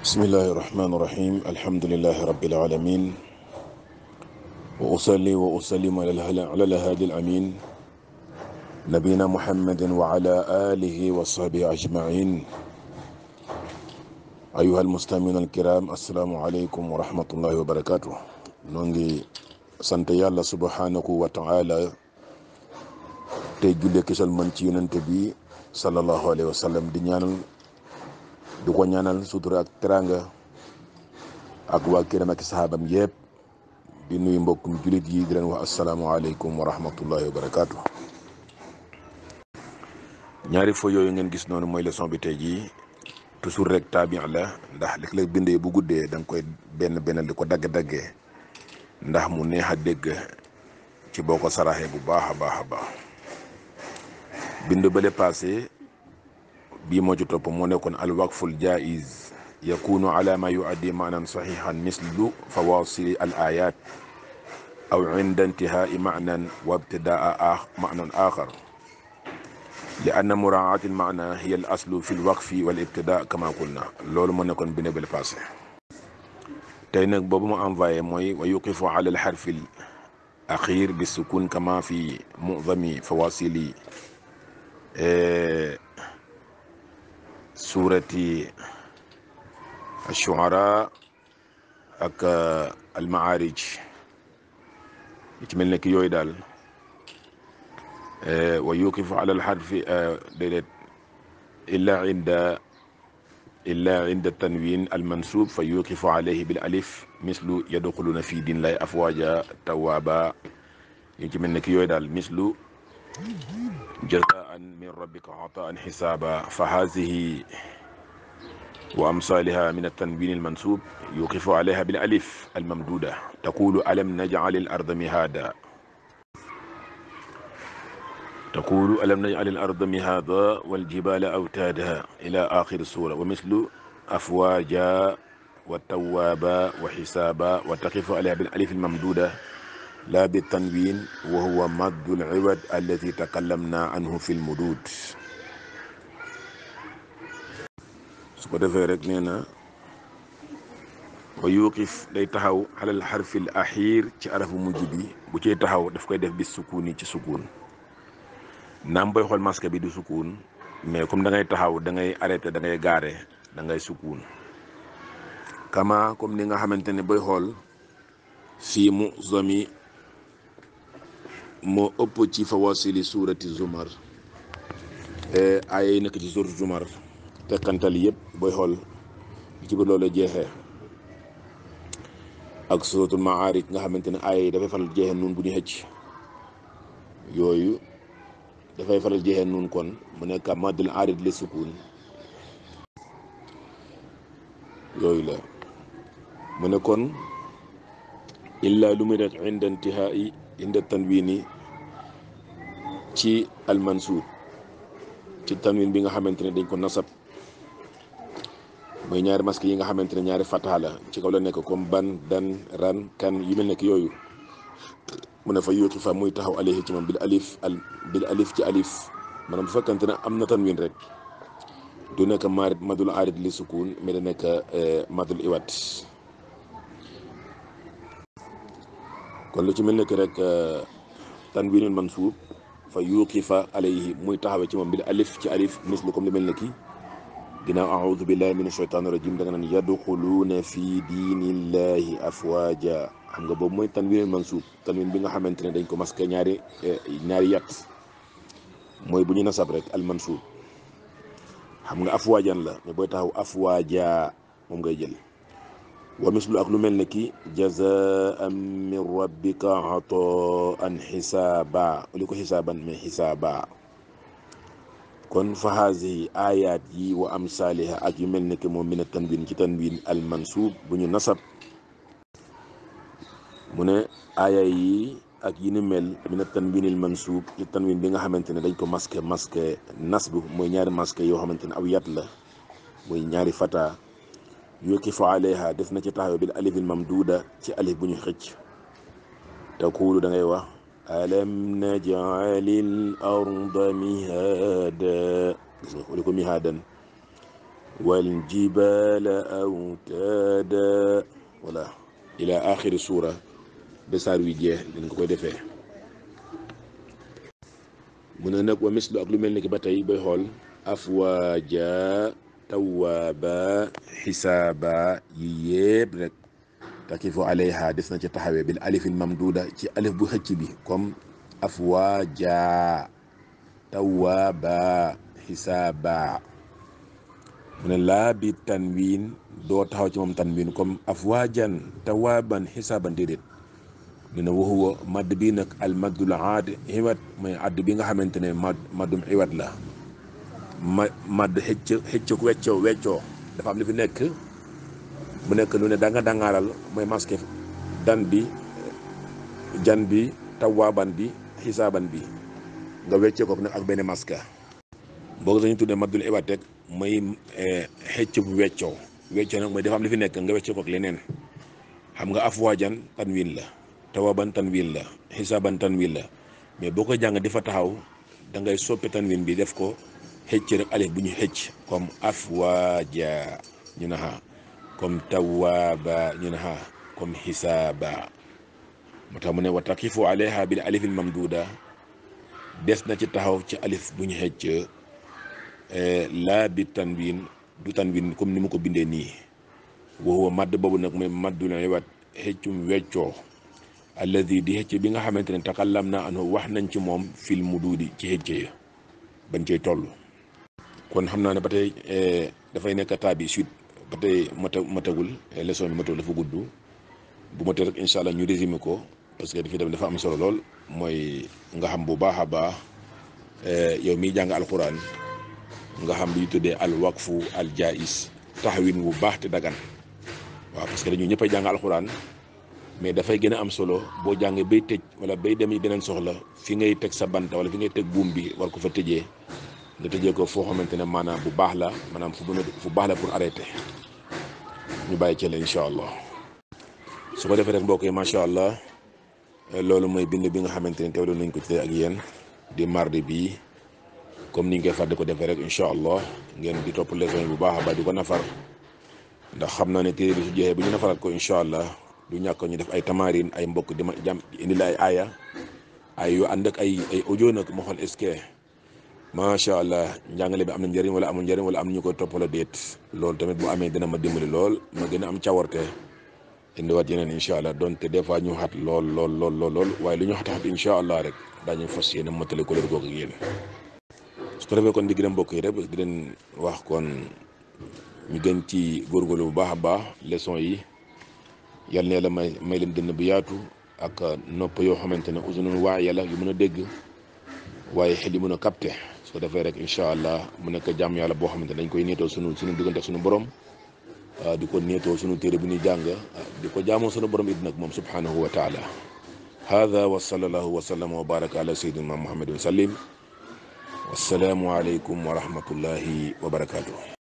بسم الله الرحمن الرحيم الحمد لله رب العالمين وأصلي وأسلم على الهادي الأمين نبينا محمد وعلى آله وصحبه أجمعين أيها المستمعون الكرام السلام عليكم ورحمة الله وبركاته نونغي سنتي الله سبحانه وتعالى تجلي كسل من تبي صلى الله عليه وسلم دنيان du ko ñaanal sutura ak teranga ak waa këram ak saxaabam yëpp di nuyu mbokkum julit yi di leen wax asalaamaaleykum wa rahmatullahi wa barakaatu. ñaari foo yooyu ngeen gis noonu mooy leçon bi tey jii toujours rek tabian la ndax léeg-léeg bindee bu guddee da koy benn benn di ko dagg-daggee ndax mu neex a dégg ci boo ko saraxee bu baax a baax a baax bind bële paase. bii moo ci topp moo nekkoon alwaqful jaiz yakunu ala ma yuaddi maanan saxihan mislu fawasili al ayat aw inda intihai maanan wa ibtidaa maanan axar لأن مراعاة المعنى هي الأصل في الوقف والابتداء كما قلنا لول مو نكون بن بل فاسي تاي نك بوبو مو انفاي موي ويوقف على الحرف الأخير بالسكون كما في معظم فواصل سورة الشعراء ak almaarij li ci mel nekk yooyu daal wa yuqifu ala alxarfi déedéet illa inda illa inda tanwin almansub fa yuqifu alayhi bil alif mislu yadxuluna fi din lay afwaja tawaba li ci mel nekk yooyu daal mislu jaza من ربك عطاء حسابا فهذه وأمثالها من التنوين المنسوب يوقف عليها بالألف الممدودة تقول ألم نجعل الأرض مهادا تقول ألم نجعل الأرض مهادا والجبال أوتادا إلى آخر السورة ومثل أفواجا والتوابا وحسابا وتقف عليها بالألف الممدودة laa bi tanwin wa huwa maddul iwad allati takallamna anhu fi lmudud su ko defee rek nee na wa yuqif day taxaw xalal xarfil axiir ci arafu mujj bi bu ciy taxaw daf koy def bi sukkuuni ci sukkuun naam boy xool masque bi du sukkuun mais comme da ngay taxaw da ngay arrêté da gaare dangay ngay sukkuun kama comme ni nga xamante ne boy xool fii mu zomi moo ëpp ci fawasili suurati zumar eh, aaya yi nekk ci suurati zumar teqantal yëpp booy xool li ci biir loolu jeexee ak suuratul maarij nga xamante ne aaya yi dafay faral jeexee nun bu ñu xëcc yooyu dafay faral jeexee nun kon mu nekk maddul aarid li sukun yooyu la mu ne kon illa lu muy def inda intihaa'i inda tanwini ci almansuur ci tanwin bi nga xamante ne dañ ko nasab mooy ñaari maski yi nga xamante ne ñaari fataha la ci kaw la nekk comme ban dan ran kan yu mel nekk yooyu mu ne fa yootu fa muy taxaw alayhi ci moom bil alif al alif ci alif maanaam bu fekkante ne am na tanwin rek du nekk marit madul arid li sukun mais da nekk eh, madul iwat kon li ci melni ke que rek tanwiinul mansub fa yuqifa alayhi muy taxawé ci mom bi alif ci alif mislu kom li melni ki kii a'udhu billahi minash shaitanir rajim da nga naan yadxuluuna fi dinillahi afwaja xam nga boobu mooy tanwiinul mansub tanwin bi nga xamantene dañ ko maske ñaari ñaari yat moy buñu nasab rek al mansub xam nga afwajan la mais boy taxaw afwaja mom ngay jël ومثل ak lu mel ne ki jazaan min rabbika ataan xisaaba li ko xisaaban mais xisaaba kon fa haasihi ayaat yi wa amsaaliha ak yu mel ne ki moom min a tanwin ci tanwin almansuub bu ñu nasab mu ne aaya yi ak yi ni mel min a tanwin almansuub ci tanwin bi nga xamante ne dañ ko masque masque nasbu mooy ñaari masque yoo xamante ne aw yat la mooy ñaari fata يوكف عليها دفنا كي تاهو بالالف الممدودة كي الف بني خج تقول دنيوة ألم نجعل الأرض مهادا لكم مهادا والجبال أوتادا ولا إلى آخر سورة بسار ويدية لنكو دفع من أنك ومثل أقلو ملنك بطي بيهول أفواجا tawaaba xisaaba yi yépp rek takifu alayha des na ci taxawee bil alifil mamduuda ci alif bu xëcc bi comme afwaaja tawaaba xisaaba mu ne laa bi tanwiin doo taxaw ci moom tanwiin comme afwaajan tawaaban xisaaban déedéet ñu ne waxuwa madd bi nag al maddul aad iwat mooy add bi nga xamante ne madd maddum iwat la ma madd xëcc xëcc weccoo weccoo dafa am li fi nekk mu nekk lu ne danga dangaaral mooy maske dan bi jan bi tawaaban bi xisaaban bi nga weccee ko nag ak benn masque boobu dañuy tuddee maddul ibatek mooy eh, xëcc bu weccoo weccoo mooy dafa am li fi nekk nga wecce ko leneen xam nga afwaajan tanwin la tawaaban tanwin la xisaaban tanwin la mais boo ko jàng di fa taxaw da ngay soppi tanwin bi def ko hecci rek alif bu kom hecc comme afwaja ñu ne ha comme tawaba ñu comme hisaba mota mu ne wa taqifu alayha bil alif al mamduda des na ci taxaw ci alif buñu hecc euh la bi tanwin du tanwin comme nimuko ko wo nii wa huwa madd boobu nag mooy la wat heccum weccho alladhi di hecc bi nga xamantene takallamna anhu anu wax nañ ci mom fil mududi ci hecc ya bañ cey tollu kon xam naa ne ba tey eh, dafay nekk taa suite ba tey matagul eh, leçon bi matagul dafa gudd bu matee rek incha allah ñu résumé ko parce que dafi dem dafa am solo lool mooy nga xam bu baax a baax eh, yow miy jàng alquran nga xam li ñu tuddee al waqfu al jais taxawin wu baax te dagan waaw parce que ñëpp a jàng alquran mais dafay gën a am solo boo jàngee bay tej wala bay dem yi beneen soxla fi ngay teg sa bant wala fi ngay teg buum bi war ko fa tëjee ñu tëjee ko foo xamante ne maanaam bu baax la maanaam fu mën a fu baax pour arrêter ñu bàyyi ci la allah su ko defee rek mbokk yi macha allah loolu mooy bind bi nga xamante ne teewlu nañ ko ci ak yéen di mardi bii comme ni koy far ko defee rek incha allah ngeen di topp leçon bu baax a baax di ko nafar ndax xam naa ne téere bi ñu nafaraat ko incha allah du ñàkk ñu def ay tamarin ay mbokk di ma jàmm indi la ay aaya ay yu ànd ak ay ay audio ma xool est macha allah njàngale bi am na njëriñ wala amul njëriñ wala am ñu koy toppala déet lool tamit bu amee dina ma dimbali lool ma gën a am cawarte indiwaat yeneen incha allah donte des fois ñu xat lool lool lool lool lool waaye lu ñu xat xat incha allah rek daañu fas yéene matali couleur googu ak yéen su ko defee kon di gërëm mbokk yi rek di leen wax kon ñu ci góorgóorlu bu baax a baax leçon yi yal na may may leen dënn bu yaatu ak nopp yoo xamante ne usunul waay yàlla yu mën a dégg waaye xel yu mën a capter su ko defee rek incha allah mu nekk jàmm yàlla boo xamante dañ koy neetoo sunu sunu diggante sunu borom ah, di ko neetoo sunu téere bu ñuy jàng ah, di ko jaamoo sunu borom it nag moom subhanahu wa taala hada wa sallallahu wa sallama wa baraka ala sayyidina muhammadin salim wassalaamu aleykum wa rahmatullahi wa barakatuh